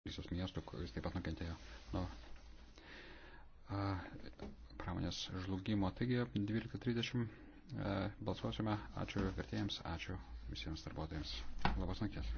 Paryžiaus miestų, kuris taip pat nukentėjo nuo pramonės žlugimo. Taigi 12.30 balsuosime. Ačiū vertėjams, ačiū visiems darbuotojams. Labas nakties.